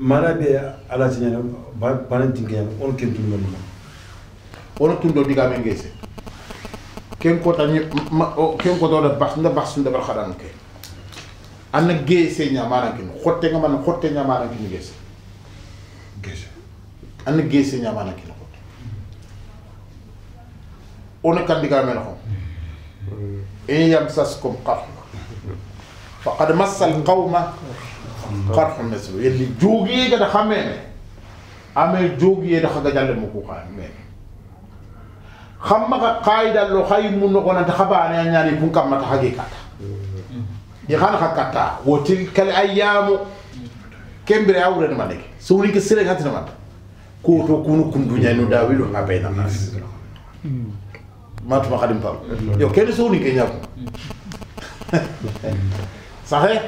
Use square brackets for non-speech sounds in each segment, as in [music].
mana be ala tiñana bana tinkeñana on ken tun ɗon ɗuma ono tun ɗo digame ngese ken kota ken kotoɗa bas nda bas ndabar xaɗan ke anna geese ñamarankin xottenga mana xotte ñamarankin geese geese anna geese ñamarankin xot ono kan digamen xom in yamsaskum qarna faqad massa alqawma karfa mesu yelli jogi ga da khamene ame jogi ye da khaga jalle mu ko khamene khamma ka qaida lo khay mun no gonata khabane anyani kun kamma ta hagi kata ya khana khakata wa tilkal ayyam kembere awre ne mane suri ke sire gatina mata ko to kunu kun dunya no dawilu ngabe na nas matuma khadim pam yo kene suri ke nyako صحيح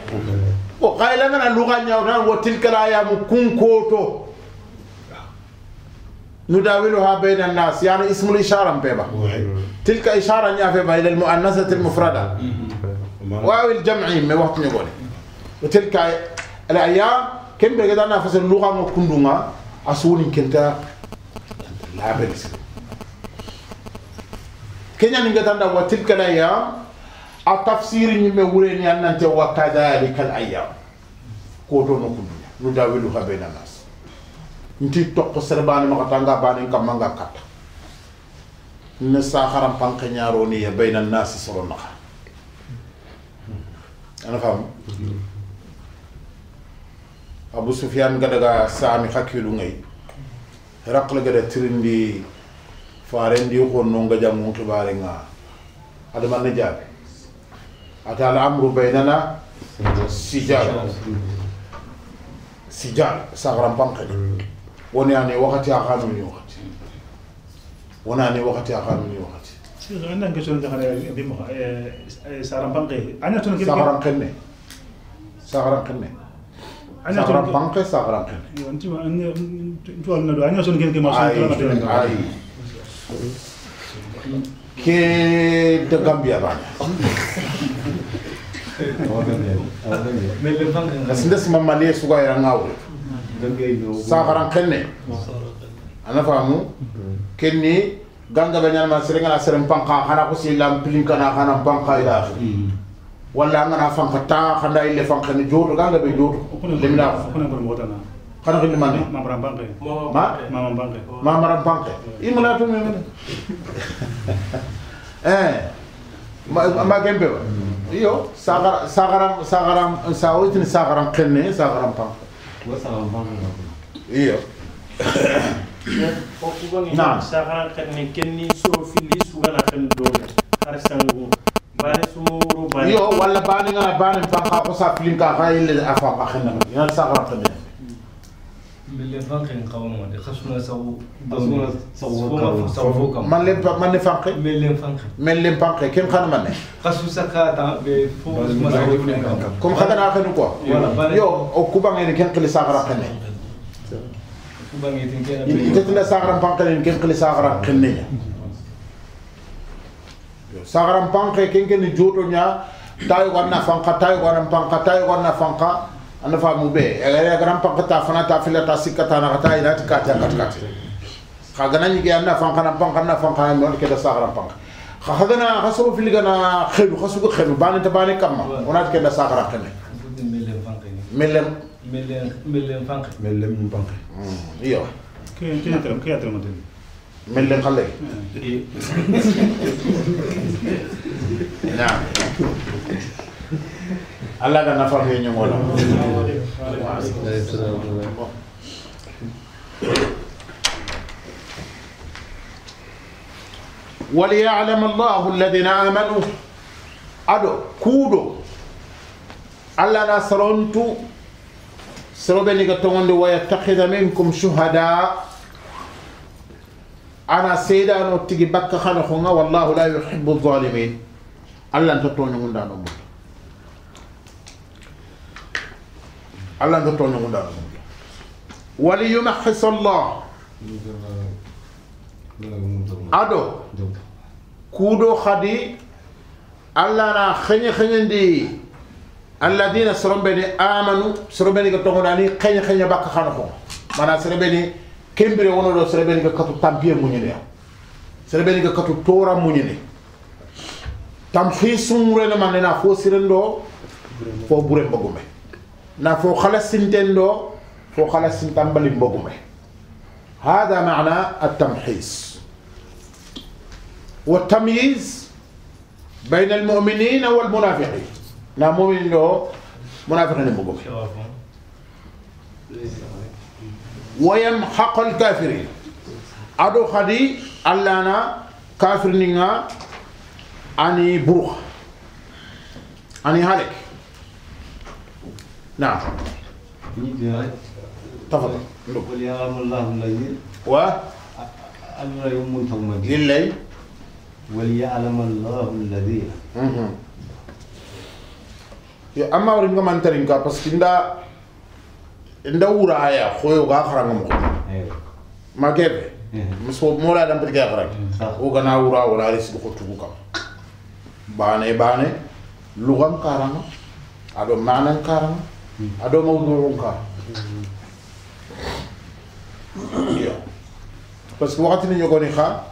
وقال لنا اللغة نيونا وتلك الأيام كن كوتو نداولها بين الناس يعني اسم الإشارة مبيبا تلك إشارة نعفبا إلى المؤنثة المفردة واو الجمعين من وقت نقول وتلك الأيام كم بيجدا نفس اللغة مكندونا أسول كنتا لا بلس كنيا نيجدا تلك الأيام a tafsiri me wure ni annante wa kadhalika al ayam do no kunduña nu ha bena nas nti tokko serbani maxata nga banen kam nga kat ne saharan panke ya bayna nas soro naxa ana fam abou soufiane ga daga sami ngay gada tirindi ko no nga jamu xibare nga adama ne jabe أتى الأمر بيننا سجال سجال سغرم بانقل ونعني وقتي أغانوني وقتي ونعني وقتي أغانوني وقتي أنا كشون دخل بمخ سغرم بانقل أنا تون كيف سغرم قلني سغرم قلني أنا سغرم بانقل سغرم قلني أنت ما أنا أنت أنا أنا شون كيف ما شون كيف que de Gambia bana asinda sima maliye suga yara kenne ana famu kenni ganga be nyalma serengana sereng panka hana ko silam pilin kana hana panka ila ya walla ngana fanka ta khanda ile fanka ni jodo ganga be jodo lemna kana ko ma mamram banke mamram banke imla ما eh. ma gembe ba iyo sagaram sagaram sagaram sawitni sagaram qinne sagaram pam نعم ساغران كني كني سو في لي سو غنا كن دولت خرسانغو باني سورو باني يو ولا باني غنا باني فان خاصا فيلم كا غايل افا باخنا يا ساغران كني باللي فانقي نقاومون خشمنا سو سوفوكم من اللي من فانقي من اللي فانقي من اللي فانقي كم خان من خشو سكاتا بفوز مسؤولين كم خان اخر نقوا يو وكوبا غير كان قلي صغرا قني تتلا صغرا فانقي كان قلي صغرا قني صغرا فانقي كان كان جوتو نيا تاي وانا فانقا تاي وانا فانقا تاي وانا فانقا anda famu be ere garam pakata fana ta fila ta sikata na kata ina tika ta kata kata ka gana ni gya na fanka na fanka na fanka na ke da sagara fanka ka ha gana hasu fil gana khelu hasu ko khelu bana ta bana kamma ona ke da sagara kene mellem mellem mellem fanka mellem fanka iyo ke ke tram ke tram tram mellem khalle نعم Allah ka nafa bɛ ɲɔgɔn la وليعلم الله الذين آمنوا أدو كودو ألا نصرنتو سربني كتوند ويتخذ منكم شهداء أنا سيدان وتجي بك خنخونا والله لا يحب الظالمين ألا أنت توني من دانو الله نغ تون مو دار وليمحص الله ادو كودو خدي الله نا خني خني دي الذين سربني امنوا سربني كتو داني خني خني باك خانو مانا سربني كيمبري ونو دو سربني كتو تامبيه مو ني سربني كتو تورا مو ني تامخيسون رنا مانا فو سيرندو فو بورن بغومي na fo khalasinten do fo khalasintan bali mbogume هذا معنى التمحيص والتمييز بين المؤمنين والمنافقين نا مؤمن له منافقين مقوم ويمحق الكافرين أدو خدي ألانا كافر نينا أني بروخ أني هلك نعم تفضل قل يا رب الله الليل و أمر يوم ثم للليل وليعلم الله الذين يا أما أريد أن أنترنك بس كندا إندا ورا هيا خوي وغافر عنهم إيه. ما كيف إيه. مسوب مولا دم بدك يا إيه. غرق هو كنا ورا ورا ليس بخط بوكا بانه بانه لغة كارم أدو معنى كارم هذا موضوعك parce que wakati ni ñogoni xa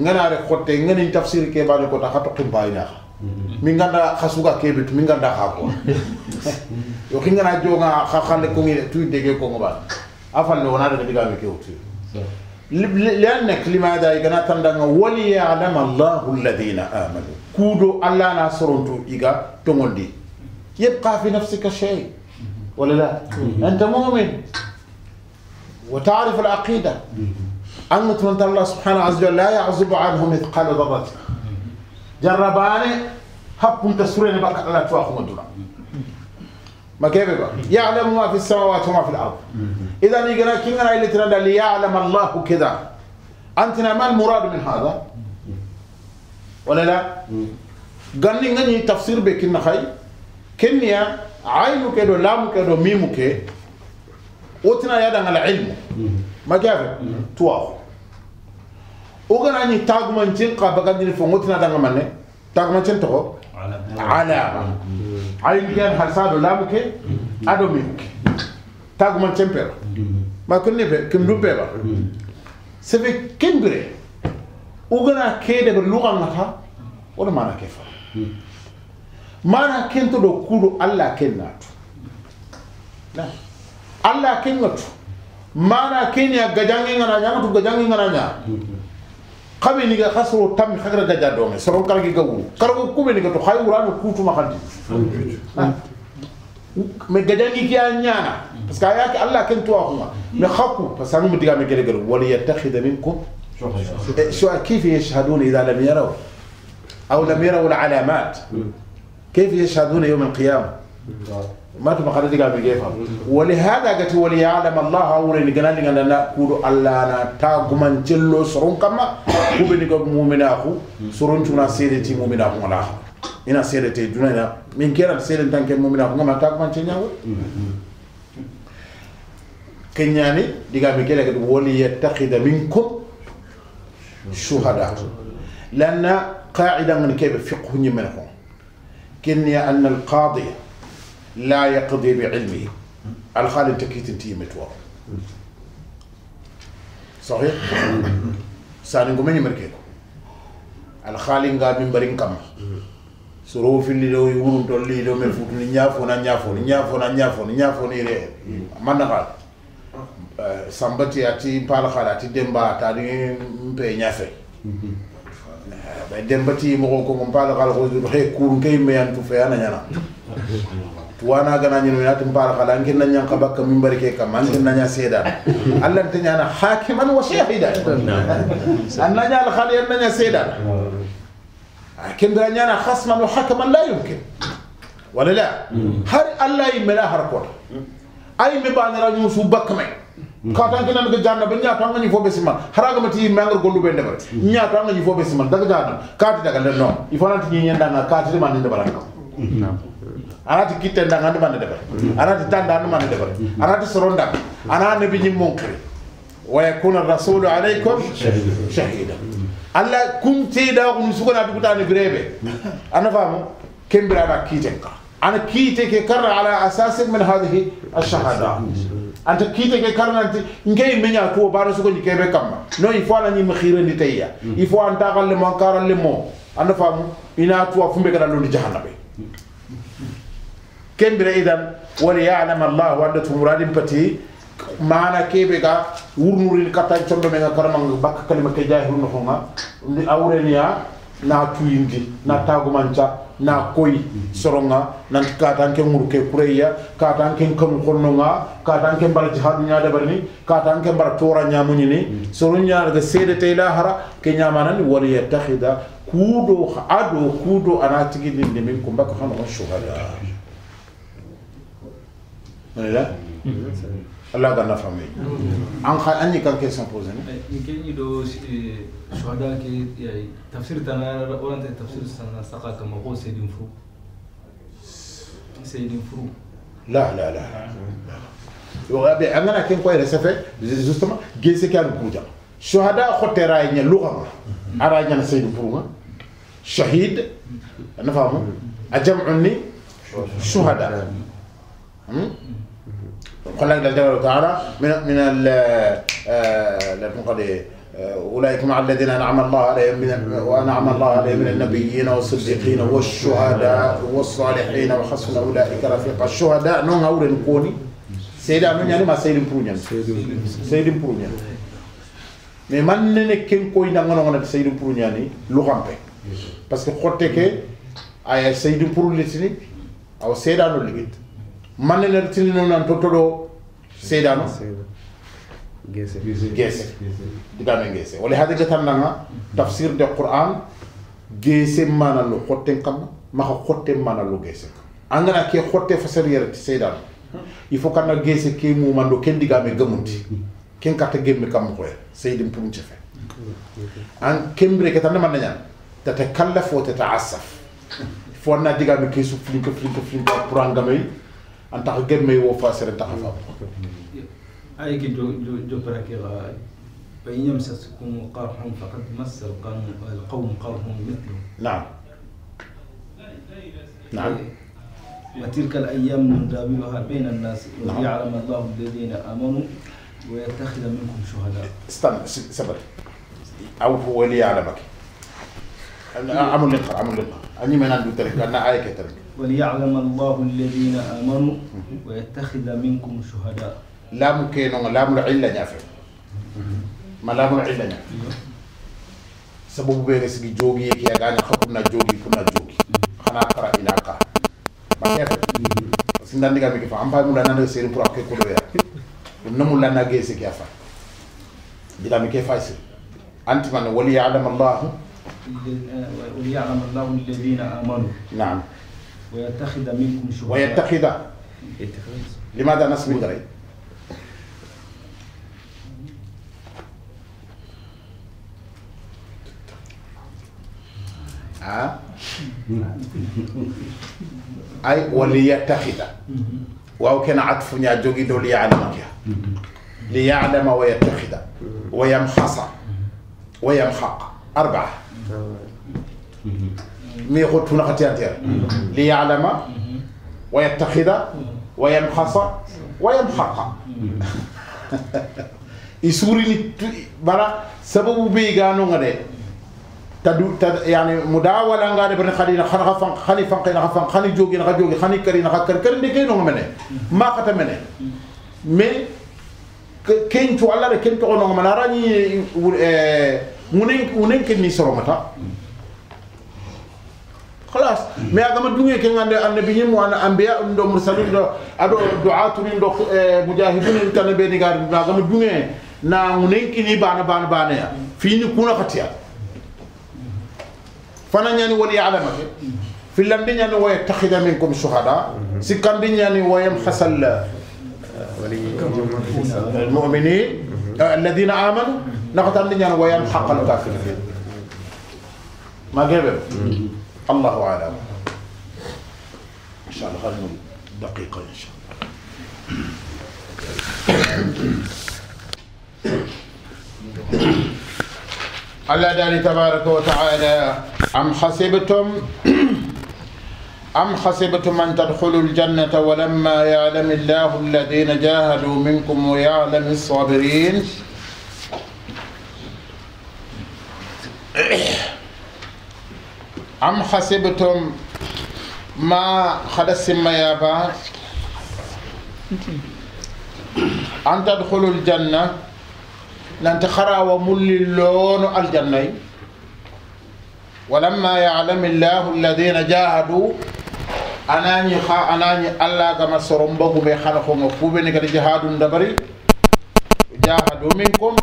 ngana re xotte ngani tafsir ke bani ko ta xa tokum bayna mi nganda xasuga ke bit mi nganda xa ko yo ki ngana jonga xa xande ko ngi tu dege ko ngoba afal no wona diga mi ke wutu لأنك لماذا إذا تندعنا وليعلم الله الذين آمنوا كودو الله ناصرون تو إيجا تمولدي يبقى في نفسك شيء ولا لا أنت مؤمن وتعرف العقيدة ان من الله سبحانه عز وجل لا يعزب عنه مثقال ضربه جرباني هبكم تسرين بك على تواخم الدرع ما كيف بقى يعلم ما في السماوات وما في الأرض إذا نقرأ كنا اللي ترى ليعلم الله كذا انت ما المراد من هذا ولا لا قال لي تفسير بك خي كنيا عين كدو لام كدو ميم كي وتنا يدا على العلم ما جاب تواف وغنا ني تاغ من جين قا بغان دي فون وتنا دان من تاغ من جين تو على عين كان حساب لام كي ادو ميم كي تاغ من جين بير ما كن نبي كم دو بيبا سبي كن بري وغنا كي دغ لغه نتا ولا ما انا mana kento do kudo alla kennatu alla kennatu mana kenya gajangi ngana nyanga tu gajangi ngana nya kabe ni ga khasro tam khagra gaja do me soron kargi ga wu kargo kube ni ga to khayu ranu kutu ma khandi me gajangi ki anyana parce que ayaki alla kentu wa kuma me khaku parce que mu diga me gele gele wal yattakhidha minkum شو كيف يشهدون اذا لم يروا او لم يروا العلامات كيف يشهدون يوم القيامة؟ ما تبقى قد تقع في جيفا ولهذا قلت وليعلم الله أولي نقنا لنا نقول الله أنا تاقما جلو سرون كما كوبي نقول مؤمناه سرون تنا سيدتي مؤمناه ولا إنا سيدتي جنانا من كيرا سيدن تنك مؤمناه كما تاقما جلو كنياني ديغا ميكيلا قلت ولي يتخذ منكم شهداء لأن قاعدة من كيف فقه منكم كنيا أن القاضي لا يقضي بعلمه انت كي تنتهي متوار صحيح ساني غومني مركيكو الخالي غا من برين كام سرو في اللي لو يورون دول لو مي فوت ني نيافو نا نيافو ني نيافو نا نيافو ني نيافو ني ري من قال أه. سامبتي اتي بالخالاتي دمبا تادي مبي نيافي بعدين بتي مغوكو من بالغ على غوز بخي كون كي ما ينتو في أنا جانا توانا جانا جنو يا تم بالغ على أنك نجنا كباك كمين بريك كم أنك نجنا سيدا الله تنيا أنا حاكم أنا وشيحيدا أن نجنا الخالي أن نجنا سيدا حاكم ده نجنا خصم أنا حاكم لا يمكن ولا لا هر الله يملا هر كور أي مبان رجوس وبكمين katan kina nga janna be nyaata nga ni fo besima haraga mati mangar gollu be ndebal nyaata nga ni fo besima daga janna kaati daga le non il faut nanti nyen danga kaati de man ndebal ko anati kitte ndanga ndebal ndebal anati tanda ndebal ndebal anati soronda ana nabi ni monkre wa yakuna rasul alaykum shahida alla kum tiida ko sugona bi kutani brebe ana famu kembira ba kiite ka ana kiite ke kar ala asas min hadhihi ash-shahada anta kite ke karnanti ngey meña ko bana suko ni kebe kamma no il faut anani makhira ni tayya il faut anta gal le mankara le mo anda famu ina tuwa fumbe kada londi jahannabe kembira idan wala ya'lam allah wa anda tumuradin pati mana kebe ga wurnurin katan chondo me ga karma bakka kalima ke jahilun honga awreniya na tuindi na mm. tagumanca na koy mm. soronga nanti katan ke ŋuru ke kureya katan ken kanu katan ke mbara jihadu ñadabarni katan ke mbara tora ñamuñini mm. soro ñanaga seede teyla hara ke ñamanani wala yattahida kuudo ado kuudo ana tigidinde min ko mbakka hanoon suhada ala الله قال نفهمي عن خا أني كان كيس نبوزن يمكن يدو شهداء كي يعني تفسير تنا ولا أنت تفسير سنا سقى كما هو سيد فرو سيد فرو لا لا لا وابي أنا كن كوي رسفة جستما جيس كان بودا شهداء خطيرة يعني لغة أراجع سيد فرو شهيد أنا فاهمه أجمعني شهداء قال الله تعالى من من ال آه،, إيه؟ آه اولئك مع الذين انعم الله عليهم من وانعم الله عليهم من النبيين والصديقين والشهداء والصالحين وحسن اولئك رفيقا الشهداء نون اورن كوني سيد من يعني ما سيد برونيان سيد برونيان mais من ne ne ken koy na ngono ngona seydou pour ñani lu xampe parce que xotte ke ay seydou pour litini aw manne nder tilino nan tottoɗo seydano gese gese digame gese wala hade gatannanga tafsir de qur'an gese manallo hotten kamma maha hotten manallo gese an gana ke hotte fasar yerati seydano il faut kanna gese ke mumando ken digame gamundi ken katta gemme kamma koye seydin pumce fe an kembire ke tanne manna ñan tatakallafu wa tataasaf fo anna digame ke su flinka flinka flinka pour an gamay anta ko gemme wo fasere ta fa ay ki جو do baraki ga فإن يمسسكم قرح فقد مس القوم القوم قارحهم مثله نعم نعم وتلك الأيام نداولها بين الناس نعم. ليعلم الله الذين آمنوا ويتخذ منكم شهداء استنى ثبت أو هو ليعلمك عمل نقرأ عمل نقرأ أني من عنده ترك أنا آية ترك وليعلم الله الذين آمنوا ويتخذ منكم شهداء لا ممكن لا لام العلة نافع ما لا لام العلة نافع سبب بيرس بي جوغي كي اغاني خبنا جوغي كنا جوغي خنا قرا الى قا ما كيف سندان ديغا ميكي فام باي مولا نانا سيرو برا كي كولو يا نمو لا ناغي سي كيفا ديغا ميكي فايس انت من ولي وليعلم الله وليعلم الله الذين امنوا نعم ويتخذ منكم شهداء ويتخذ لماذا نصب مدري آه. أي وليتخذ وأو كان عطف يجوجد ليعلم بها ليعلم ويتخذ ويمحص ويمحق أربعة ميغوتونا تونا ختيانتير ليعلم ويتخذ ويمحص ويمحق [laughs] يسوري بلا سبب بيغانو غادي تدو تد يعني مداولا غادي بن خلينا خنا فان خلي فان قينا فان خلي جوغي نغا جوغي خلي كري نغا كر كر دي كينو مني ما خت مني مي تو الله تو كنتو نغ مناراني آه، ونين ونين كني سرمتا خلاص مي اغا مدوني كي غاندي ان بي نيم وانا انبياء دو مرسلين دو ادو دعاة من دو إيه، مجاهدين تن بي دي غار ما مدوني نا منكي ني بان بان بان في ني كونا ختيا فانا نياني ولي علمك في لندن يعني ويتخذ منكم شهداء سكندن يعني ويمحص المؤمنين آه، الذين امنوا نقطع لنا حق الكافرين ما قبل الله أعلم إن شاء الله خلينا دقيقة إن شاء الله الله داري تبارك وتعالى أم حسبتم أم حسبتم أن تدخلوا الجنة ولما يعلم الله الذين جاهدوا منكم ويعلم الصابرين أم حسبتم ما خلص ما يابا أن تدخلوا الجنة نانت ومل اللون الجنة ولما يعلم الله الذين جاهدوا أناني خا أناني الله كما سرمبه بخلقهم فوبني كده جهاد دبري جاهدوا منكم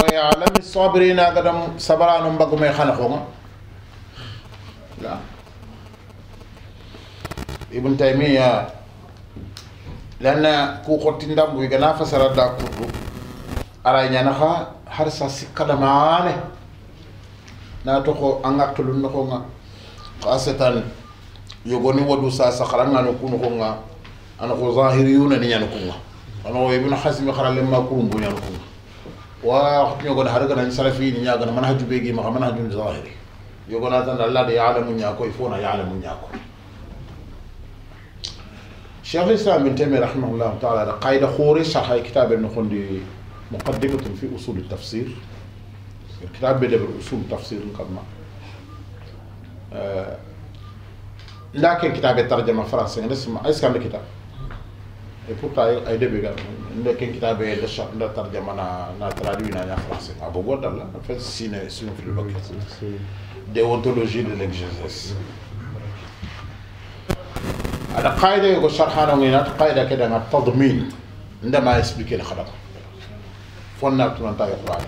ويعلم الصابرين هذا صبران بقوا بخلقهم la ibn taymiya lanna ku ndambu i gana fasara da kurdu ara ñanaxa har sa maane na toxo a ngaqtulu noxonga xa setan yogoni wadu sa saxarangano ku noxonga anoxo yuna ni ñanukunga anoxo ibn hasimi xaralenma kurumbu ñanukunga wa xotiñogona har ganan sarafini ñagana mana xa jubegimaxa mana xa jun zahiri يقول هذا الله دي يعلم نياكو يفونا يعلم نياكو شيخ الاسلام بن تيميه رحمه الله تعالى قايد خوري شرح كتاب دي مقدمة في اصول التفسير الكتاب بدا بأصول تفسير القدمة آه، لكن كتاب الترجمة الفرنسية اسم اسم الكتاب et pourtant ay début ga lekin kitabe da الترجمة نا نا na na traduit أبو ya لا abu godalla في الوقت déontologie de l'exercice هذا قاعدة يقول شرحانه من قاعدة كده التضمين عندما يسبك الخلق فنا تمنتا يقرأ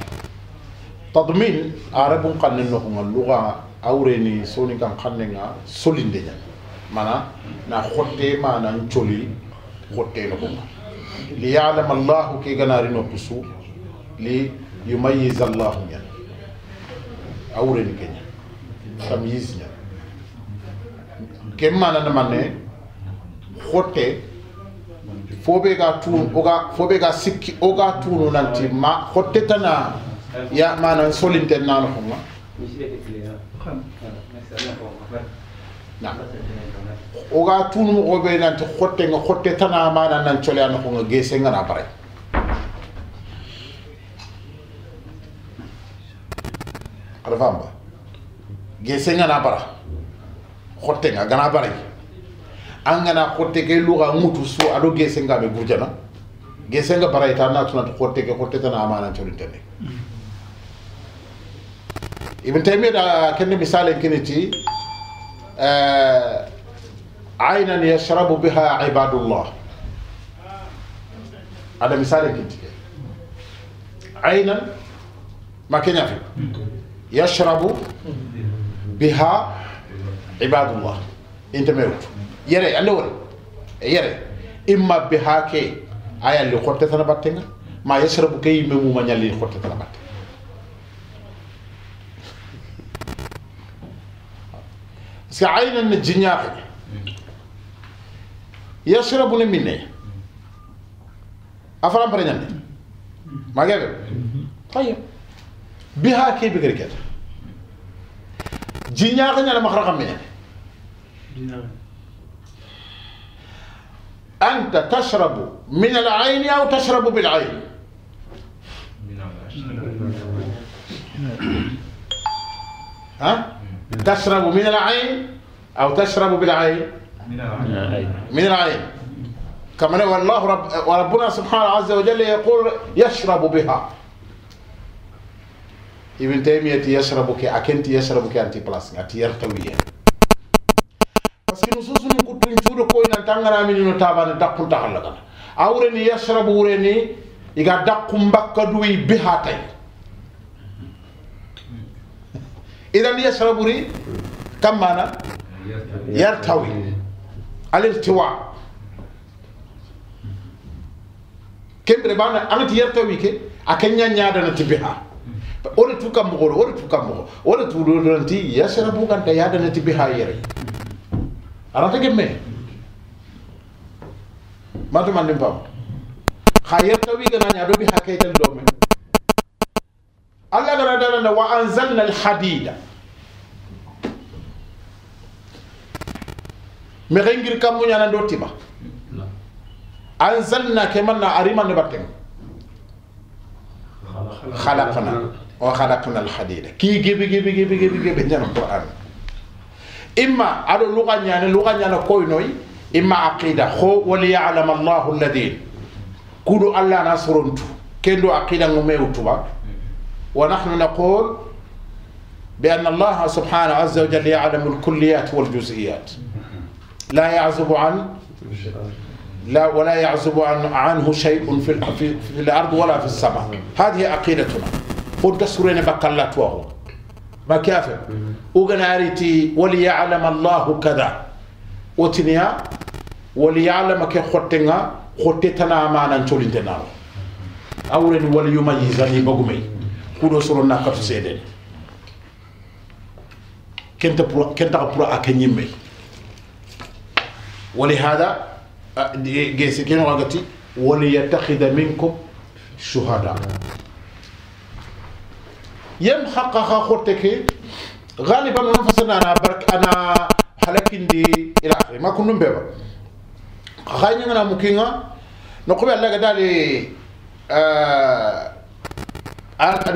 تضمين عرب قن إنهم اللغة أوريني سوني كان قننا سولين دينا معنى نا خطة ما ننشولي خطة نقوم ليعلم الله كي جنارين وقصو ليميز الله يعني أوريني كنيا tamyis ña ke manana manne hotte foɓe ga tun oga foɓe ga sikki oga tunu nanti ma hotte tana ya manan solinten nano honga na oga tunu mogoɓe nanti hotte nga hotte tana mana nan cole ano honga gese ngana bare aɗa famba gese ngana bara khotte nga gana bara angana khotte ke luga mutu su ado gese nga be gurjana gese nga bara ita na tuna khotte ke khotte tana amana tulu tane ibn taymiya da kenne misalen kiniti عينا يشرب بها عباد الله هذا مثال كنت عينا ما كان يفهم يشرب بها عباد الله انت ميو يري اللي يري إما بها كي ايا اللي خرت أنا باتنا ما يشرب كي ممو ما اللي قلت أنا باتنا parce que ayna na jinyaxe yashrabu ne minne afram pare ñande magebe tayib biha jinyaga nyala makhra أنت تشرب من العين أو تشرب بالعين ها؟ تشرب من العين أو تشرب بالعين من العين من العين كما والله رب وربنا سبحانه عز وجل يقول يشرب بها ابن تيمية يشربك أكنت يشربك أنت بلاس أنت يرتوي بس كي نصوص نقول تنشور كوين أن تنغرا من نتابان دقون تغلقنا أورني يشرب أورني إذا دقون بكدوي بهاتي إذا يشرب ري كم معنى يرتوي الارتواء كم ربانا أنت يرتوي كي يا نيادا نتبها ore tu kam mogoro ore tu kam mogo ore tu tururanti ya sera bunga da ya da nati bihayere ta gemme matu mandim pam khayr tawi gana nya do bi hakay tan do men allah gana dana na wa anzalna al hadida me rengir kam mo nyana do tiba anzalna kemanna ariman ne batten خلقنا وخلقنا الحديد كي جيبي جيبي جيبي جيبي جيبي نيان القرآن إما على لغة يعني لغة يعني كوينوي إما عقيدة خو وليعلم الله الذين كلو الله نصرنتو كلو عقيدة نميوتوا ونحن نقول بأن الله سبحانه عز وجل يعلم الكليات والجزئيات لا يعزب عن لا ولا يعزب عن عنه شيء في, في الأرض ولا في السماء هذه عقيدتنا ودى سورين وهو ما كافر وغناريتي وليعلم الله كذا وتنيا وليعلم كي خوتنا خوتتنا امانا تولدنا اورن وليميزني بغمي كودو سورو ناقف سيدين كنت برو كنت برو اكنيمي ولهذا جيسكين وغتي وليتخذ منكم شهداء يم حقا خورتك غالبا انفسنا انا برك انا دي الى اخره ما كنا بيبا خاينا انا ممكن نقول الله قال آه انت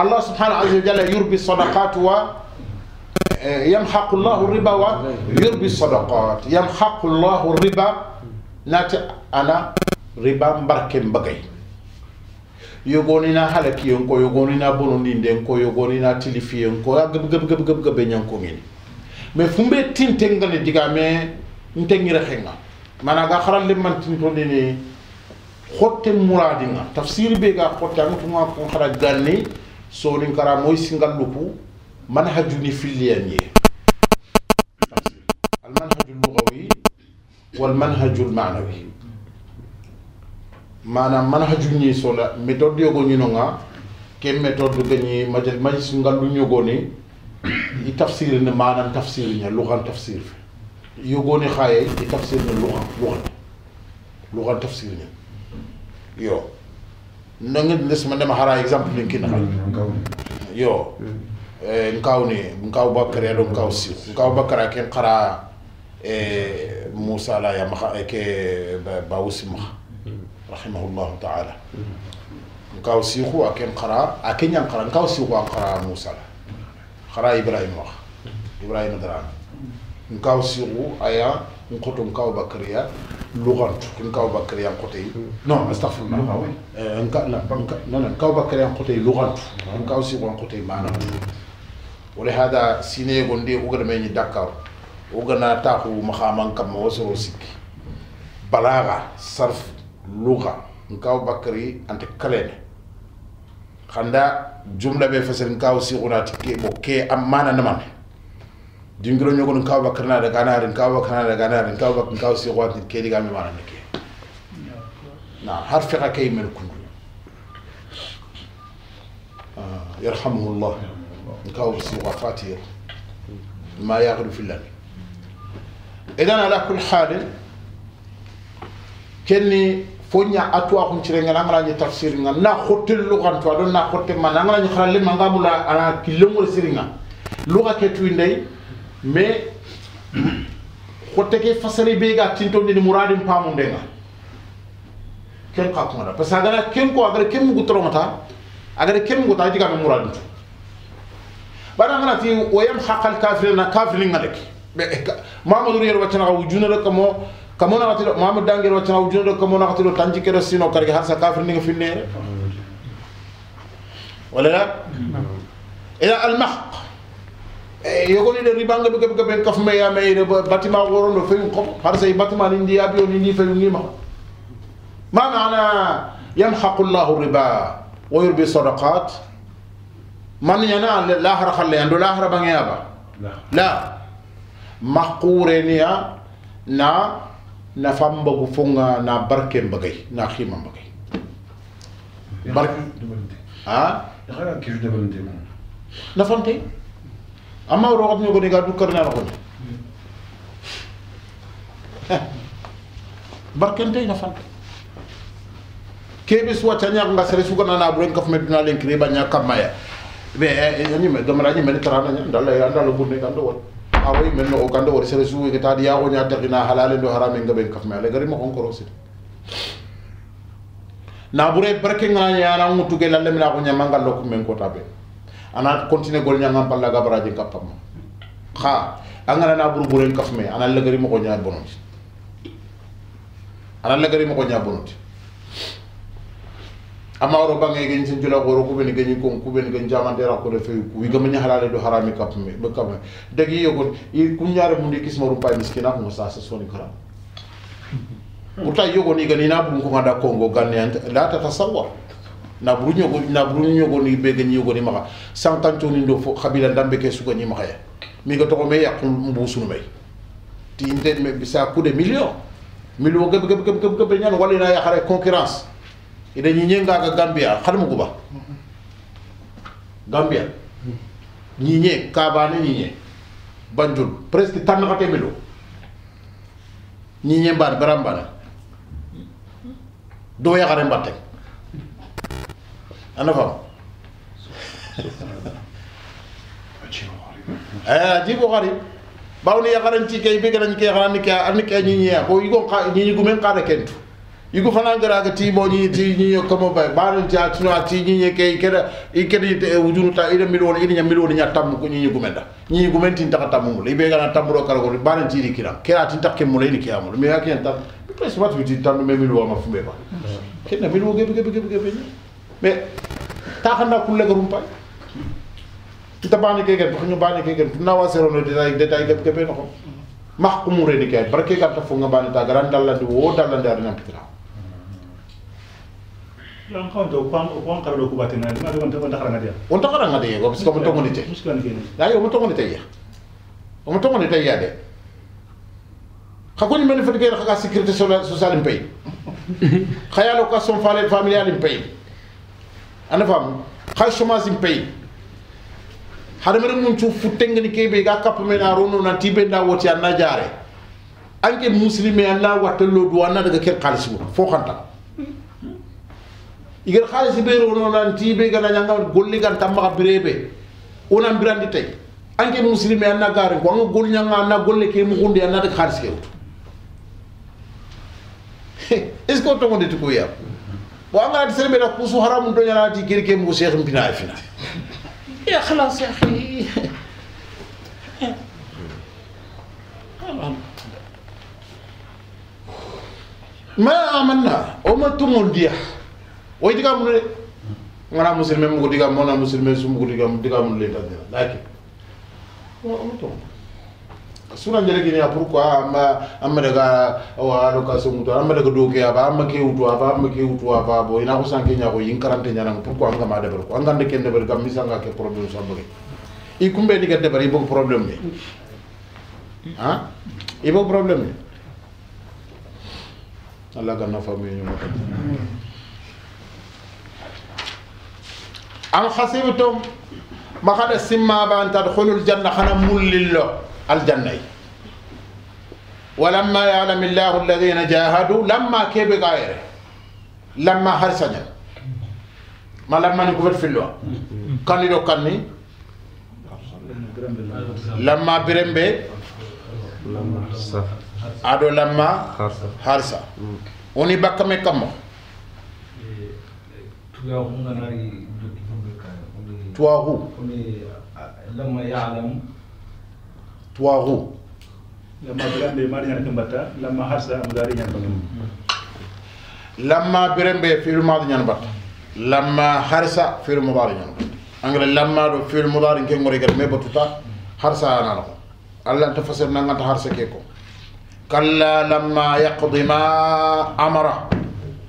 الله سبحانه عز وجل يربي الصدقات و آه، يمحق الله الربا ويربي الصدقات يمحق الله الربا ناتي انا ربا مبركم بقي yogonina halakiyenko yogonina bonondindenko yogonina tilifiyenko a gebgebgebgebebe ñankoŋini mais fumbe tintengani digame ntengira henga mana ga haralle mantintonini hotte muradinga tafsir be ga hotte antunga kon hara ganni sonin kara moy singalluku manhajuni filliyaniye almanhaju llugawi walmanhaju lmanawi manam mana ha junni sola méthode yogo ñinonga ke méthode gani majal majlis ngallu ñogoni i tafsir ne manam tafsir ña lugan tafsir fe yogoni xaye i tafsir ne lugan lugan lugan tafsir ña yo nangit lesma nema hara exemple nin kina xal yo nkaw ni nkaw bakary alo nkaw siw nkaw bakary a ken xara moussa la yamaxa ke bawusi maxa رحمه الله تعالى نكاو سيخو اكن قرا اكن يان قرا نكاو سيخو ان قرا موسى قرا ابراهيم واخ ابراهيم دران نكاو سيخو ايا نكوتو نكاو بكريا لغنت نكاو بكريا نكوتي نو نعم، استغفر الله نكاو لا لا نكاو بكريا نكوتي لغنت نكاو سيخو نكوتي مانا ولهذا سيني غوندي اوغر ميني داكار اوغنا تاخو مخامن كم وسو سيكي بلاغه صرف لغه نكاو بكري انت كلين خاندا جمله بي فسر نكاو سي غنات كي بو كي امانا نمان دينغرو نيو كون كاو بكرنا دا غانا رن كاو بكرنا دا غانا رن كاو بك نكاو سي غوات كي دي غامي مانا نكي نا نعم، حرف كي من كون آه يرحمه الله نكاو سي غفاتي ما يغلو في الله إذن على كل حال كني fonya atwa kun cire ngana ngana ni tafsir nga na hotel lu kan to adon na khotel man ngana ni khala le manga bula ana ah, kilongo siringa luga ke tuindai me hotel ke fasari be ga tinto ni muradin pamu ndenga ken ka kuma pa sa gara ken ko agar ken mugu toro mata agara ken mugu ta diga me muradin bana ngana ti o wayam haqal kafirina kafirin ngalek eh, mamadou yerwa tan awujuna rakamo كمون عطيل مامو دانجر وشنا وجنود كمون عطيل تانجي كرو سينو كاري هاسا كافر نيجا في النير ولا لا إلى المحق يقولي لي ريبان غبي غبي غبي كف ميا ميا باتي ما غورون في المقام هذا سي باتي ما نindi أبي ونindi في المقام ما معنى يمحق الله الربا ويربي صدقات من ينا لا هر خلي عنده لا بعيا با لا محقورين نا nafam bagu fonga na barke mbagay na xima mbagay ya barke ha xala ki ju debalante mo nafante amma ro xat ñogo du dukkar na ko barkente nafante kebe suwa tanya nga sere ko na na ko kaf meduna len ba nya kamaya be eh, me do mara domara ni tara na nya dalay ya bu ne kan do awai men no okando kande sere suwi kita dia o nya ta kina halale do harame ngabe kaf ma le gari mo on sit na bure barke ngana yana mutu ke lalle mina ko mangal lok men ko tabe ana continue gol ngam balla kapam kha angana na buru bure kaf me ana le gari mo ko nya bonoti ana le gari mo ko nya bonoti amaro bange gen sin jula goro ku ben gen ko ku ben gen jaman dera ko defey ku wi ni halale do harami kapme be kapme dagi yogo i kunyaare mundi kisma rum pay miskina ko sa sa soni kara uta yogo ni na bu ko ngada kongo ganne ant la ta tasawwa na buru nyogo na buru nyogo ni be gen yogo ni maka san tanto ni do fo khabila ndambe ke suko ni maka ya mi ga to ko me yakum mbusunu may ti inde me bisa coup de million million gab gab gab gab gab nyaan wala na ya xare concurrence ina ñiñe nga ga gambia xarmu kuba? gambia ñiñe kabane ñiñe banjul presque tan xate melo ñiñe mbar barambana do ya xare mbatte ana fam eh jibo xari bawni ya xaran ci kay bi garan kay xaran ni ke an ke ko yugo ñiñe gumen ka kentu igu fana gara ga ti boñi ti ñi yo kamo bay baru ti a ti ñi ñe kay keda i kedi te wujunu ta ida mi wona ida ñam mi wona ña tam ko ñi ñi gumenda ñi gumenti ta tam mu le be gara tam ro kala ko baru ji ri kira kera ti tak ke mu le ni kiamu me ya kien tam presque wat ti tam me mi wona fu be ba kenna mi wona gebe gebe gebe gebe me ta xana ku le garum pay kita bani ke ke ñu bani ke ke nawa sero no détail détail gebe gebe no mahkumu re ni kay barke ka ta fu nga bani ta garan di wo dalandi ar ñam pitra on taxaranga de yego parce que omo togonite ay omo togonite ya omo togonite ya de xa koñi mene fed kene xaga sécurité sociale im payin xa ya location familiale im payin ana faam xa chômage im payin hadamaren mum cu futtengeni keɓe ga kappa men a rono nan tiɓe nda woti anna jaare anke muslime anna watta lodu anna daga ken xaalis mum fo xanta igar khalisi beru ono nan tibe gana nyanga golli gan tamma birebe onan birandi tay anke muslimi an nagar ko anga gol nyanga na golle ke mu gundi anna de khalisi ke est ce to ngondi ko ya bo anga de serbe da kusu haram do nyana ti kirke mu sheikh mpina e fina ya khalas ya ma amanna o ma tumul diya woi diga mun ngara me mugu tika mona musilme su mugu diga diga mun le tan laki wa umto suna njere gini ya purku, pourquoi amma amma daga wa alo ka so mutu amma daga doke ya ba amma ke utu aba amma ke utu aba bo ina ko sanke nya ko yin karante nya nan pourquoi anga ma debar ko anga de ken debar gam misanga ke problem so bari i kumbe diga debar i bo problem ni ha i bo problem ni Allah kan famu ñu mo an hasibtum ma haɗa simmaɓe an tadhulul janna hana mullillo aljannayi walamma yalami llahu alladina jahadu lamma keɓe ga ere lamma har sañan ma lammani ko fet filloa kanniɗo kanni lamma biremɓe aɗo lamma harsa woni bakka me kammo tuga nganari طواغو لما يعلم طواغو لما برمبي ماري نكم بتا لما حرسا مداري نكم لما برمبي في الماضي نكم لما حرسا في المضاري نكم angre lamma do fil mudari ke ngori gar me batuta harsa ana no allah tafasir nanga ta harsa ke ko kalla lamma yaqdi ma amara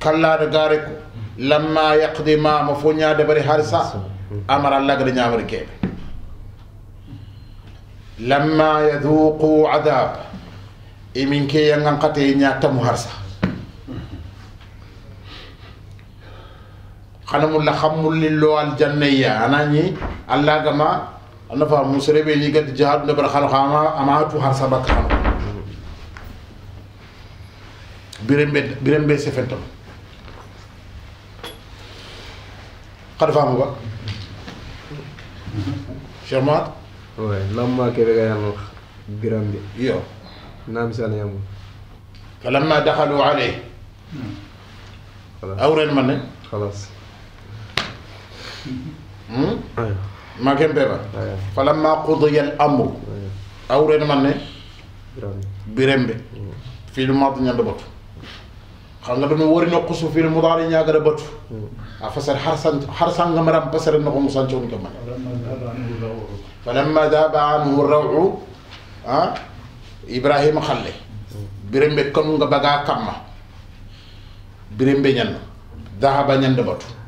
kalla da gare ko lamma yaqdi ma mafunya da bari harsa امر الله قد نعمر كيف لما يذوقوا عذاب إمن كي ينقطع نياتا مهرسا خنم الله خم للو الجنة أنا ني الله كما أنا فهم مسرب يجي قد جهاد نبر خلق أما أما تو هرسا بكرانو بيرم بيرم بيسفنتم قد فهموا بقى شرمات وي لما كيف قال جرام دي يو إيوه. نعم سنة يا فلما دخلوا عليه خلاص أورين من خلاص أيوه. ما كان بيبا أيوه. فلما قضي الأمر أيوه. أورين من برمبي في الماضي نبط نعم، خلا بنوري نقص في المضارع يا غربت أفسر حرسان حرسان غمرام بسر النقو مسانجون كمان فلما ذاب عنه الروع أه؟ إبراهيم خلي برمبي كم غبغا كما برمبي نان ذهب نان دبتو